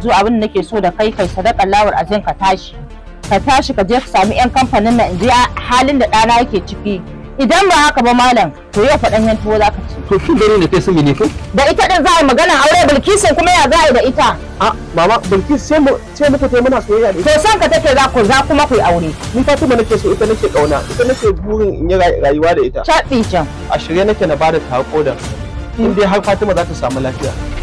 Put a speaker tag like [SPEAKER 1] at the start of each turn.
[SPEAKER 1] zo abin da nake so da kai kai sadakar lawar azin ka tashi ka tashi ka je ka sami yan kamfanin nan ji halin da dana yake ciki idan ba haka ba malam to yau faɗan yan tuwo zaka ci to
[SPEAKER 2] shi gani da kai sun ne ko
[SPEAKER 1] da ita din za a magana aure Bilkisu
[SPEAKER 2] kuma ya za a yi da ita
[SPEAKER 3] a mama Bilkisu sai mu sai muku tai muna soyayya da to san ka take za ku za kuma ku yi aure ni ta tuma nake so ita nake kauna ita nake burin in yi rayuwa da ita chaɓi can a shirye nake na bada ta hakoda hmm. in dai har Fatima za ta samu lafiya